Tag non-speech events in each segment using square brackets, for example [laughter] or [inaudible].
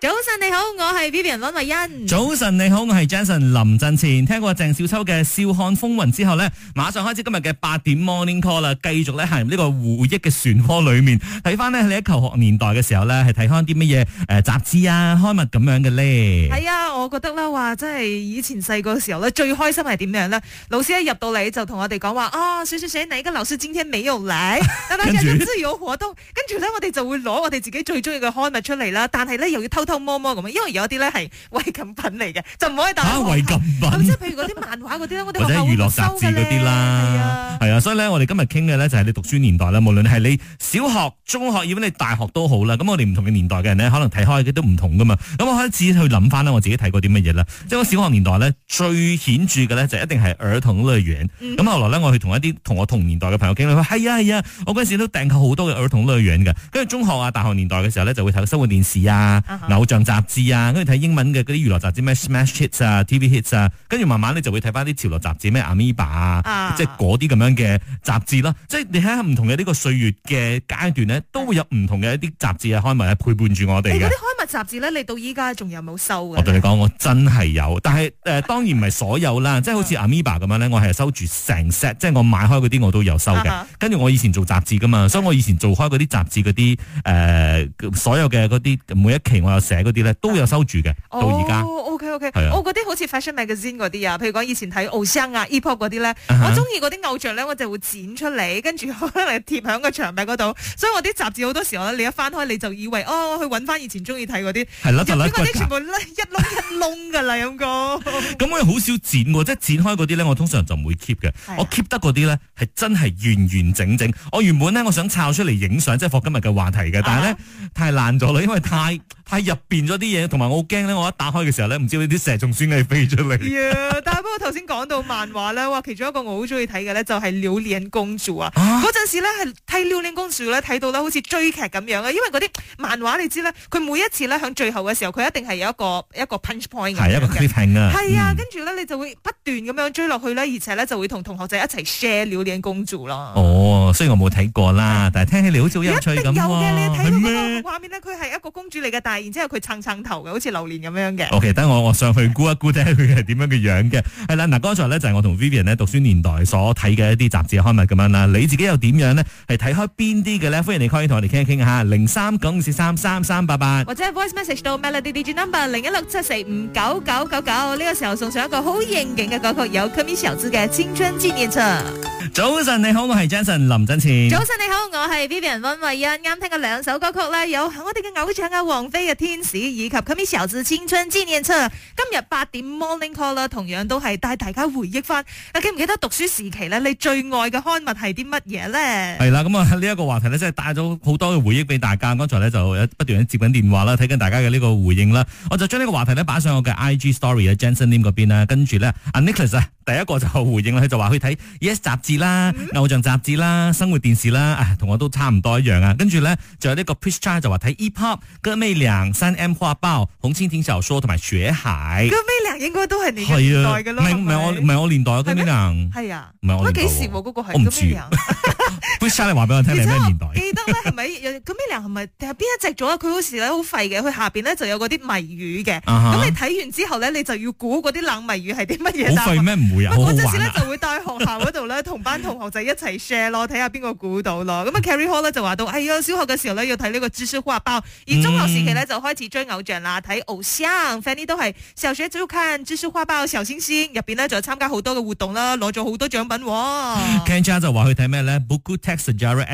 早晨你好，我係 Vivian 林慧欣。早晨你好，我係 Jason 林振前。聽過鄭少秋嘅《笑看風雲》之後咧，馬上開始今日嘅八點 Morning Call 啦，繼續咧行入呢個回憶嘅漩渦裏面睇翻咧你喺求學年代嘅時候咧係睇開啲乜嘢誒雜誌啊刊物咁樣嘅咧。係啊，我覺得啦話真係以前細個時候咧最開心係點樣咧？老師一入到嚟就同我哋講話啊，寫寫寫，你嘅老師今天美容禮，等等嘅雜誌有好多， [laughs] 跟住咧我哋就會攞我哋自己最中意嘅刊物出嚟啦，但係咧又要偷。偷摸摸咁啊，因為有啲咧係違禁品嚟嘅，就唔可以帶。吓違禁品，即係譬如嗰啲漫畫嗰啲咧， [laughs] 我哋學校會收嗰啲啦，或者娛樂雜誌嗰啲啦，係啊，啊，所以咧我哋今日傾嘅咧就係你讀書年代啦，無論係你小學、中學，要麼你大學都好啦。咁我哋唔同嘅年代嘅人咧，可能睇開嘅都唔同噶嘛。咁我開始去諗翻咧，我自己睇過啲乜嘢啦。即係 [laughs] 我小學年代咧最顯著嘅咧就一定係兒童樂園。咁 [laughs] 後來咧，我去同一啲同我同年代嘅朋友傾咧，係啊係啊，我嗰陣時都訂購好多嘅兒童樂園嘅。跟住中學啊、大學年代嘅時候咧，就會睇生活電視啊。Uh huh. 偶像雜誌啊，跟住睇英文嘅嗰啲娛樂雜誌咩 Smash Hits 啊、TV Hits 啊，跟住慢慢咧就會睇翻啲潮流雜誌咩 Amiba 啊，即係嗰啲咁樣嘅雜誌咯。即係你睇下唔同嘅呢個歲月嘅階段咧，都會有唔同嘅一啲雜誌啊，刊物啊陪伴住我哋嘅。雜誌咧，你到依家仲有冇收啊？我對你講，我真係有，但係誒、呃，當然唔係所有啦， [laughs] 即係好似 Amoeba 咁樣咧，我係收住成 set，即係我買開嗰啲我都有收嘅。跟住、啊、哈我以前做雜誌噶嘛，的所以我以前做開嗰啲雜誌嗰啲誒，所有嘅嗰啲每一期我有寫嗰啲咧，都有收住嘅。啊、到而家、哦、，OK OK，我嗰啲好似 fashion magazine 嗰啲啊，譬如講以前睇《Oxygen》啊，《Epoch》嗰啲咧，啊、哈我中意嗰啲偶像咧，我就會剪出嚟，跟住可能貼響個牆壁嗰度。所以我啲雜誌好多時候咧，你一,一翻開你就以為哦，去搵翻以前中意睇。啲係的全部一窿一窿㗎啦咁個。咁我好少剪喎，即係 [laughs] 剪開嗰啲咧，我通常就唔會 keep 嘅。的我 keep 得嗰啲咧係真係完完整整。我原本咧我想摷出嚟影相，即係霍今日嘅話題嘅，但係咧、啊、太爛咗啦，因為太太入面咗啲嘢，同埋我好驚咧，我一打開嘅時候咧，唔知啲石仲酸係飛出嚟。呀！Yeah, 但係不過頭先講到漫畫咧， [laughs] 哇！其中一個我好中意睇嘅咧，就係《了靚公主》啊。嗰陣時咧係睇《了靚公主》咧，睇到咧好似追劇咁樣啊，因為嗰啲漫畫你知咧，佢每一次。咧喺最後嘅時候，佢一定係有一個一個 punch point 嘅是，係樣一個 culping 啊，係啊、嗯，跟住咧你就會不斷咁樣追落去咧，而且咧就會同同學仔一齊 share 榴蓮公主咯。哦，雖然我冇睇過啦， [laughs] 但係聽起你好似好有趣咁有嘅、哦，你睇到個畫面呢，佢係嗎一個公主嚟嘅，但係然之後佢撐撐頭嘅，好似榴蓮咁樣嘅。OK，等我我上去估一估睇下佢係點樣嘅樣嘅。係啦，嗱，剛才咧就係我同 Vivian 咧讀書年代所睇嘅一啲雜誌刊物咁樣啦。你自己又點樣呢？係睇開邊啲嘅咧？歡迎你可以同我哋傾一傾下。零三九四三三三八八或者 Voice message 到 Melody DJ number 零一六七四五九九九九，呢個時候送上一個好應景嘅歌曲，有可米小子嘅《青春紀念冊》。早晨，你好，我係 Jason 林振前。早晨，你好，我係 Vivian 溫慧欣。啱聽個兩首歌曲咧，有我哋嘅偶像阿王菲嘅《天使》，以及可米小子嘅《青春紀念冊》。今日八點 Morning Call 啦，同樣都係帶大家回憶翻、啊。記唔記得讀書時期咧，你最愛嘅刊物係啲乜嘢咧？係啦，咁啊呢一個話題咧，真係帶咗好多嘅回憶俾大家。剛才咧就不斷接緊電話啦，睇緊大家嘅呢個，個回應啦。我就將呢個話題咧，擺上我嘅 IG Story 啊，Jason Lim 嗰邊啦。跟住咧，Nicholas 啊，第一個就回應啦，佢就話去睇 Yes 雜誌啦。偶像、嗯、雜誌啦，生活電視啦，同我都差唔多一樣啊。跟住咧，仲有呢個 Peach 仔就話睇 EPOP、Gummy 娘、新 M 挎包，紅蜻蜓小說同埋雪蟹。Gummy 娘應該都係你年代嘅咯，唔係呀我唔係我，我年代嘅 Gummy 娘。係啊嗎，唔係嗎我年代。幾個係 [laughs] 你話畀我聽你咩年代？我記得咧係咪？咁 Milly 係咪？係邊 [laughs] 一隻咗佢嗰好廢嘅，佢下邊咧就有嗰啲謎語嘅。咁、uh huh。你睇完之後咧，你就要估嗰啲冷謎語係啲乜嘢？好廢咩？唔會我嗰陣時呢就會帶學校嗰度同班同學仔一齊 share 咯，睇下邊個估到咯。咁啊，Carrie Ho 咧就話到，哎啊，小學嘅時候咧要睇呢個知識畫報，而中學時期咧、嗯、就開始追偶像啦，睇偶像。 [laughs] Fanny 都係小學就要看知識畫報嘅時候先先，入邊咧就參加好多嘅活動啦，攞咗好多獎品喎。Ken Chan 就話去睇咩咧？Bookoo Tech。Sejarah SPM 啊，S S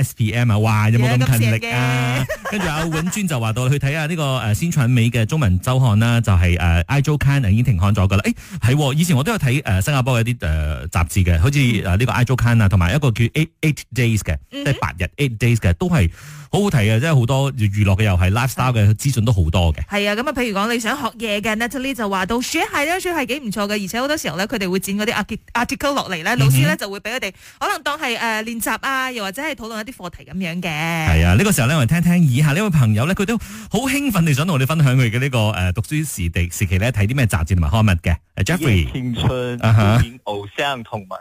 SP M，哇，有冇咁勤力啊？跟住阿永尊就話到去睇下呢個誒、啊、新傳媒嘅中文周刊啦，就係、是、誒、啊《i 周刊》啊，已經停刊咗噶啦。誒、欸、係、啊，以前我都有睇誒、啊、新加坡有啲誒雜誌嘅，好似誒呢個《i 周刊》啊，同埋一個叫 8, 8《Eight Eight Days》嘅、hmm.，即係八日《Eight Days》嘅，都係。好好睇嘅，即係好多娛樂嘅又係 lifestyle 嘅資訊都好多嘅。係啊，咁啊，譬如講你想學嘢嘅 [music] ，Natalie 就話到，書係咧書係幾唔錯嘅，而且好多時候咧，佢哋會剪嗰啲 article 落嚟咧，嗯、哼老師咧就會俾佢哋可能當係誒練習啊，又或者係討論一啲課題咁樣嘅。係啊，呢、呢個時候咧，我哋聽聽以下呢位朋友咧，佢都好興奮地想同我哋分享佢嘅呢個誒讀書時地時期咧睇啲咩雜誌同埋刊物嘅。 [music] Jeffrey，yeah, 青春、 [laughs] 《少年偶像》同埋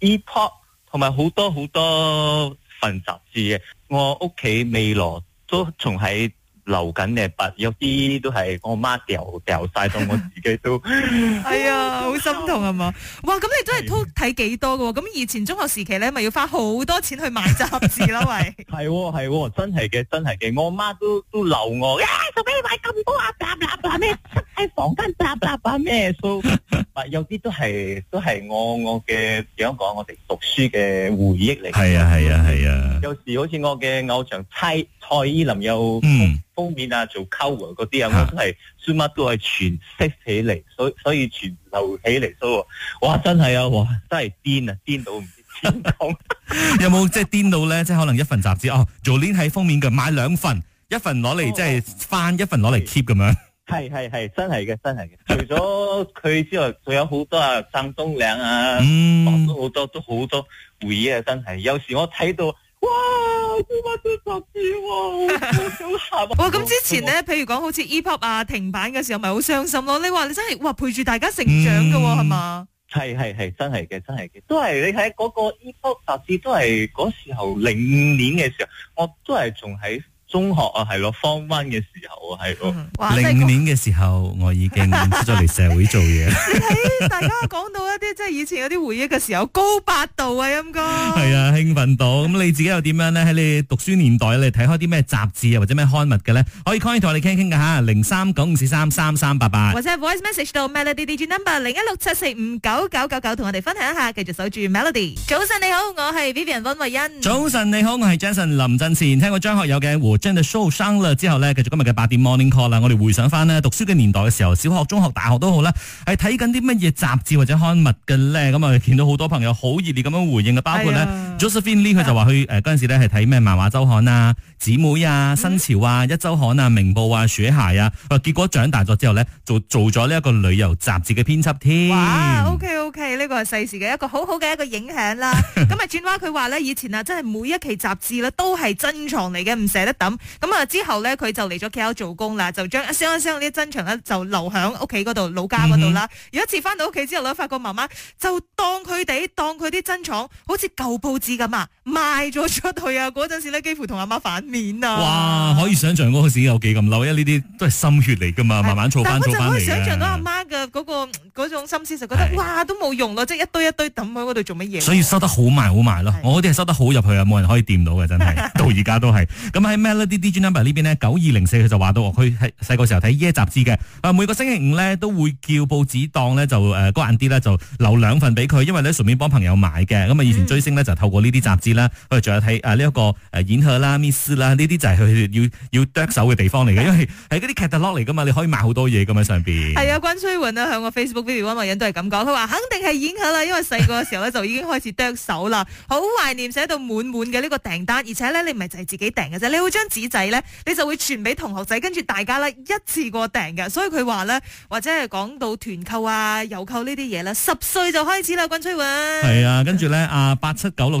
《Epoch》，同埋好多好多。份雜誌嘅，我屋企未羅都仲喺。留緊嘅筆，有啲都係我媽掉掉曬，到我自己都係啊，好心痛啊嘛！哇，咁你真係睇幾多嘅喎？咁以前中學時期咧，咪要花好多錢去買雜誌咯，喂！係喎係喎，真係嘅真係嘅，我媽都都留我，啊，做咩要買咁多啊？雜雜雜咩？塞曬房間雜雜雜咩？都，有啲都係都係我我嘅點樣講？我哋讀書嘅回憶嚟。係啊係啊係啊！有時好似我嘅偶像蔡蔡依林又嗯。封面啊，做 cover 啊，嗰啲啊，真係算乜都係全識起嚟，所以所以全留起嚟，所以哇，真係啊，哇，真係癲啊，癲到唔知癲到。有冇即係癲到咧？即係可能一份雜誌 [laughs] 哦，做年係封面嘅，買兩份，一份攞嚟即係翻，一份攞嚟 keep 咁樣。係係係，真係嘅，真係嘅。 [laughs] 除咗佢之外，仲有好多啊，鄭東嶺啊，好、嗯、多好多都好多回憶啊，真係。有時我睇到。我都揾咗十次喎，好想喊！哇，咁之前咧，譬如講好似 EPOP 啊停版嘅時候，咪好傷心咯。你話你真係哇陪住大家成長嘅係嘛？係係係真係嘅，真係嘅，都係你睇嗰個 EPOP 雜誌都係嗰時候零五年嘅時候，我都係仲喺。中學啊，係咯，方灣嘅時候啊，係咯，零五年嘅時候我已經出咗嚟社會做嘢。你睇大家講到一啲即係以前嗰啲回憶嘅時候，高八度啊，音哥。係啊，興奮到。咁你自己又點樣咧？喺你讀書年代，你睇開啲咩雜誌啊，或者咩刊物嘅咧？可以 call 我哋傾一傾噶吓，零三九五四三三三八八，或者 voice message 到 Melody Digi Number 零一六七四五九九九九，同我哋分享一下，繼續守住 Melody。早晨你好，我係 Vivian 溫慧欣。早晨你好，我係 Jason 林振前，聽過張學友嘅《胡》。真係蘇生啦，之後呢，繼續今日嘅八點 morning call 啦。我哋回想返呢，讀書嘅年代嘅時候，小學、中學、大學都好啦，係睇緊啲乜嘢雜誌或者刊物嘅呢？咁我哋見到好多朋友好熱烈咁樣回應，包括呢。哎 Josephine Lee 佢、啊、就話佢誒嗰陣時咧係睇咩漫畫周刊啊、姊妹啊、新潮啊、嗯、一周刊啊、明報啊、鼠鞋啊，結果長大咗之後咧，就做咗呢、okay, okay, 一個旅遊雜誌嘅編輯添。哇，OK OK，呢個係細時嘅一個好好嘅一個影響啦。咁啊轉話佢話咧，以前啊真係每一期雜誌咧都係珍藏嚟嘅，唔捨得抌。咁啊之後咧佢就嚟咗 KL 做工啦，就將一箱一箱呢啲珍藏咧就留響屋企嗰度，老家嗰度啦。有、嗯、哼一次翻到屋企之後咧，發覺媽媽就當佢哋當佢啲珍藏，好似舊報紙。知噶嘛，賣咗出去啊！嗰陣時咧，幾乎同阿媽反面啊！哇，可以想象嗰時有幾咁嬲，因呢啲都係心血嚟噶嘛，慢慢做翻做翻，可以想像到阿媽嘅嗰個嗰種心思，就覺得哇對都冇用咯，即係一堆一堆抌喺嗰度做乜嘢。所以收得好埋好埋咯，我哋啲係收得好入去啊，冇人可以掂到嘅，真係到而家都係。咁喺 [laughs] Melody D Number 呢邊咧，九二零四佢就話到我，佢係細個時候睇《耶》雜誌嘅，每個星期五呢都會叫報紙檔呢，就誒乾啲咧就留兩份俾佢，因為咧順便幫朋友買嘅。咁啊以前追星呢，就透過。呢啲雜誌啦，我仲有睇啊呢一、呢個誒演戲啦、miss 啦，呢啲就係佢要要剁手嘅地方嚟嘅，因為喺嗰啲 catalog 嚟噶嘛，你可以買好多嘢咁喺上邊。係啊，君吹雲啊，響個 Facebook video one 人都係咁講，佢話肯定係演戲啦，因為細個嘅時候咧就已經開始剁手啦，好 [laughs] 懷念寫到滿滿嘅呢個訂單，而且咧你唔係就係自己訂嘅啫，你會將紙仔呢，你就會傳俾同學仔，跟住大家呢，一次過訂嘅，所以佢話呢，或者係講到團購啊、郵購呢啲嘢啦，十歲就開始啦，君吹雲。係啊，跟住呢，啊八七九六。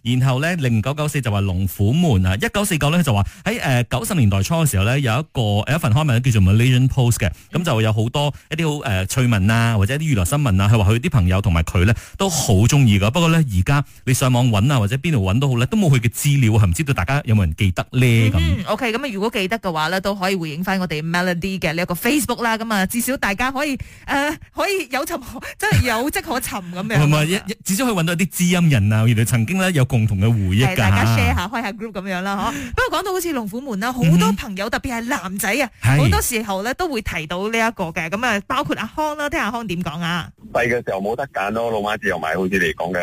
然後咧，零九九四就話龍虎門啊，一九四九咧就話喺誒九十年代初嘅時候咧，有一個一份刊物叫做《Malaysian Post》嘅，咁就有好多一啲好誒趣聞啊，或者一啲娛樂新聞啊，佢話佢啲朋友同埋佢咧都好中意噶。不過呢，而家你上網搵啊，或者邊度搵都好呢，都冇佢嘅資料、啊，係唔知道大家有冇人記得呢。咁、嗯哼。o k 咁啊，嗯、okay, 如果記得嘅話咧，都可以回應翻我哋 Melody 嘅呢一個 Facebook 啦。咁啊，至少大家可以誒、呃、可以有尋，真係有迹可尋咁樣。唔係吧，至少可以搵到啲知音人啊。原來曾經咧有共同嘅回憶，大家 share 下，開下 group 咁樣啦，嗬。 [laughs] 不過講到好似龍虎門啦，好多朋友、嗯、特別係男仔啊，好是多時候咧都會提到呢、這、一個嘅。咁啊，包括阿康啦，聽阿康點講啊。細嘅時候冇得揀咯，老媽子又買好似你講嘅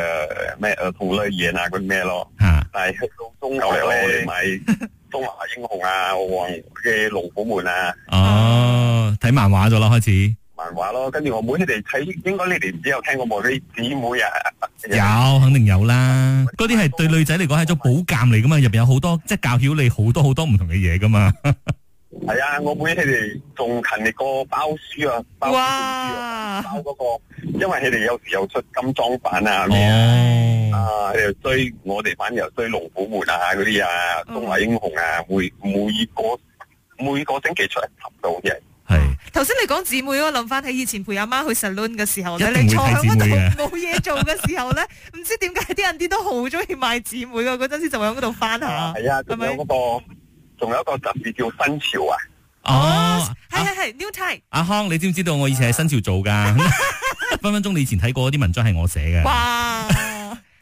咩兒童類嘢啊，啲咩咯。但係到中游咧，我哋買中華英雄啊，黃嘅龍虎門啊。哦，睇漫畫咗啦，開始。漫畫咯，跟住我妹妹，你哋睇，應該你哋只有聽過啲姊妹啊，有肯定有啦。嗰啲係對女仔嚟講係種保鑒嚟噶嘛，入邊有好多即係教曉你好多好多唔同嘅嘢噶嘛。係啊，我妹佢哋仲勤力過包書啊，哇包書呀？包嗰個，因為佢哋有時又出金裝版啊咩、哎、啊，啊又追我哋反而又追龍虎門啊嗰啲啊，中華英雄啊，嗯、每每個每個星期出嚟尋到嘅。係，頭先是你講姊妹，我諗返起以前陪阿媽去 saloon 嘅時候，你坐響嗰度冇嘢做嘅時候咧，唔 [laughs] 知點解啲人啲都好中意買姊妹啊！嗰陣時就響嗰度翻下，係啊，仲有嗰、嗰個，仲有一個雜誌叫新潮啊，哦，係係係，Newtype，阿康你知唔知道我以前喺新潮做㗎？分分鐘你以前睇過啲文章係我寫嘅。哇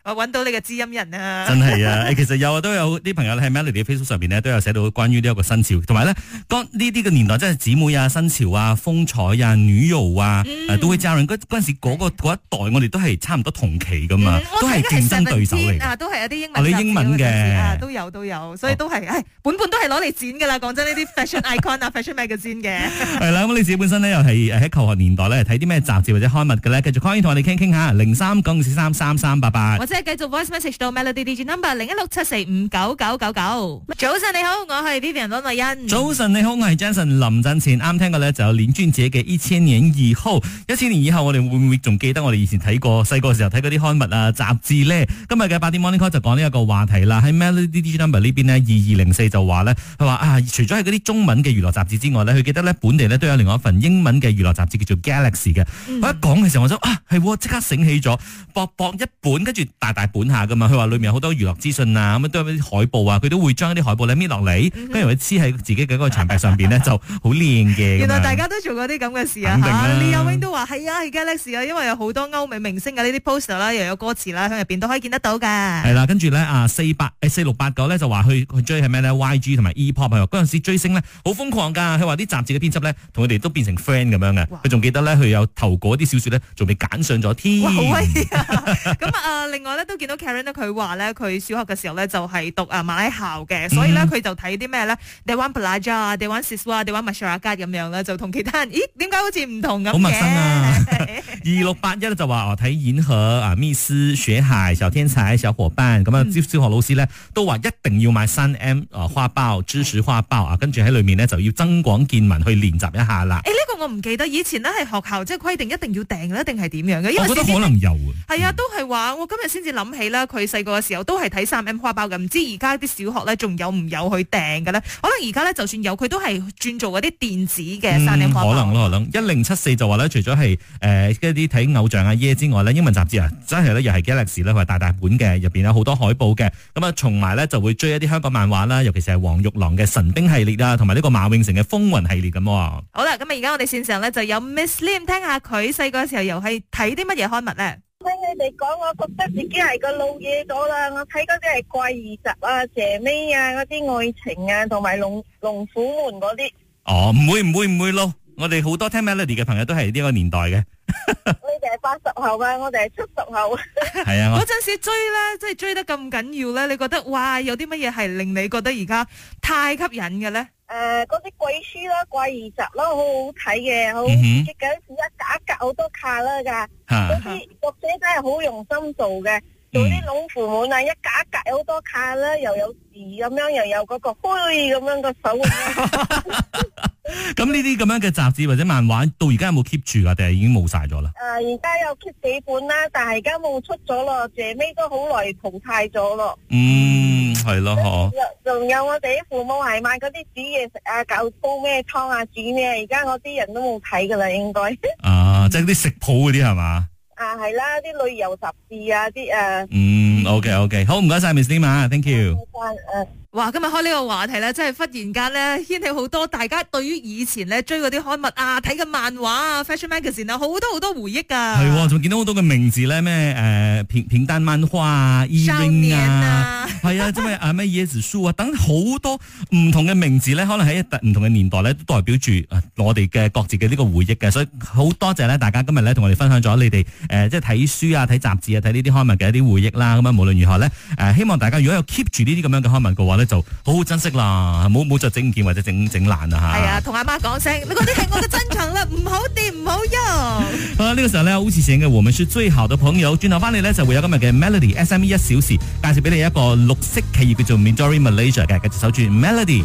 我搵到你嘅知音人啊！真係啊，其實有啊，都有啲朋友咧喺 Melody 嘅 Facebook 上邊咧都有寫到關於呢一個新潮，同埋咧，當呢啲嘅年代即係姊妹啊、新潮啊、風采啊、女優啊，都會教人嗰、嗰陣時嗰個嗰一代，我哋都係差唔多同期噶嘛，都係競爭對手嚟。啊，都係有啲英文。啊，你英文嘅，都有都有，所以都係，誒，本本都係攞嚟剪噶啦。講真，呢啲 fashion icon 啊，fashion magazine 嘅係啦。咁你自己本身咧又係喺求學年代咧睇啲咩雜誌或者刊物嘅咧？繼續 call 先，同我哋傾傾下零三九二四三三三八八。繼續 voice message 到 Melody Digital Number 零一六七四五九九九九。早晨你好，我係 Vivian 温慧欣。早晨你好，我係 Jason。臨陣前啱聽過咧，就有「林俊傑嘅一千年以後。一千年以後，我哋會唔會仲記得我哋以前睇過細個嘅時候睇嗰啲刊物啊雜誌咧？今日嘅八點 Morning Call 就講呢一個話題啦。喺 Melody Digital Number 呢邊呢，二二零四就話咧，佢話啊，除咗係嗰啲中文嘅娛樂雜誌之外咧，佢記得咧本地咧都有另外一份英文嘅娛樂雜誌叫做 Galaxy 嘅。嗯、我一講嘅時候，我就啊係，即刻醒起咗，薄薄一本，跟住。大大本下噶嘛，佢話裏面有好多娛樂資訊啊，咁樣都有啲海報啊，佢都會將啲海報咧搣落嚟，跟住佢黐喺自己嘅嗰個牆壁上邊咧 [laughs] 就好靚嘅。原來大家都做過啲咁嘅事啊！李友 Wing 都話係啊，而家叻事啊，因為有好多歐美明星嘅呢啲 poster 啦、啊，又有歌詞啦、啊，響入邊都可以見得到嘅。係啦，跟住咧啊，四八、哎、四六八九咧就話去追係咩咧？Y G 同埋 E Pop 啊，嗰陣時追星呢，好瘋狂噶，佢話啲雜誌嘅編輯咧同佢哋都變成 friend 咁樣嘅，佢仲哇記得咧佢有投過啲小說咧，仲未揀上咗添。咁啊， [laughs] 啊，另外。都見到 Karen 佢話咧佢小學嘅時候咧就係讀啊馬拉校嘅，所以咧佢就睇啲咩咧？Dewan Pelajar、Dewan Siswa、Dewan Masyarakat 咁樣咧，就同其他人咦？點解好似唔同咁？好陌生啊！二六八一就話哦，睇演河啊，密斯雪鞋、小天才小伙伴咁啊！小學老師咧都話一定要買新 M 啊花包、芝士花包啊，跟住喺裏面呢，就要增廣見聞去練習一下啦。誒，呢個我唔記得以前呢，係學校即係規定一定要訂一定係點樣嘅？因為我覺得可能有係啊，都係話我今日先。先諗起啦，佢細個嘅時候都係睇三 M 花包嘅，唔知而家啲小學咧仲有唔有去訂嘅咧？可能而家咧就算有，佢都係轉做嗰啲電子嘅三 M 花包。嗯，可能咯，我諗一零七四就話咧，除咗係誒一啲睇偶像啊耶之外咧，英文雜誌啊，真係咧又係 Galaxy 咧，話大大本嘅，入邊有好多海報嘅。咁、嗯、啊，從埋咧就會追一啲香港漫畫啦，尤其是係黃玉郎嘅神兵系列啊，同埋呢個馬永成嘅風雲系列咁喎。好啦，咁啊，而家我哋線上咧就有 Miss Lim 聽下佢細個時候又係睇啲乜嘢刊物咧。聽你哋講，我覺得自己係個老嘢咗啦。我睇嗰啲係《怪異集》啊、《蛇尾》啊、嗰啲愛情啊，同埋《龍龍虎門》嗰啲。哦，唔會唔會唔會咯！我哋好多聽 Melody 嘅朋友都係呢個年代嘅。 [laughs] 你哋係八十後，後 [laughs] 啊，我哋係七十後。係啊。嗰陣時追咧，即係追得咁緊要咧。你覺得，哇，有啲乜嘢係令你覺得而家太吸引嘅咧？誒，嗰啲、呃、鬼書咯，怪異集咯，很好好睇嘅，好、嗯哼，一格一格好多卡啦噶，嗰啲作者真係好用心做嘅，做啲攏符滿啊，一格一格好多卡啦，又有字咁樣，又有嗰、嗰個灰咁樣個手咁呢啲咁樣嘅雜誌或者漫畫，到而家有冇 keep 住噶？定係已經冇晒咗啦？誒、呃，而家有 keep 幾本啦，但係而家冇出咗咯，姐尾都好耐淘汰咗咯。嗯。係咯嗬，仲有我哋啲父母係買嗰啲煮嘢食啊，搞煲咩湯啊，煮咩？而家我啲人都冇睇噶啦，應該。啊，即係啲食譜嗰啲係嘛？啊，係啦，啲旅遊雜誌啊，啲誒。嗯，OK OK，好，唔該晒 Miss Emma，Thank you。哇！今日開呢個話題咧，真係忽然間咧掀起好多大家對於以前咧追嗰啲刊物啊、睇嘅漫畫啊、《Fashion Magazine》啊，好多好多回憶噶、啊。係、哦，仲見到好多嘅名字咧，咩誒平平丹漫畫啊、Ewing 啊，係啊，即係咩椰子樹啊，等好多唔同嘅名字呢，可能喺唔同嘅年代呢，都代表住我哋嘅各自嘅呢個回憶嘅。所以好多謝呢，大家今日呢，同我哋分享咗你哋誒、呃，即係睇書啊、睇雜誌啊、睇呢啲刊物嘅一啲回憶啦。咁啊，無論如何呢，誒、呃，希望大家如果有 keep 住呢啲咁樣嘅刊物嘅話就好好珍惜啦，唔好再整件或者整整爛啊吓！係啊，同阿媽講聲，嗰啲係我嘅珍藏啦，唔 [laughs] 好掂唔好喐。啊，呢、這個時候咧，好似醒嘅我們是最好嘅朋友，轉頭翻嚟咧就會有今日嘅 Melody SME 一小時，介紹俾你一個綠色企業叫做 Majori Malaysia 嘅，繼續守住 Melody。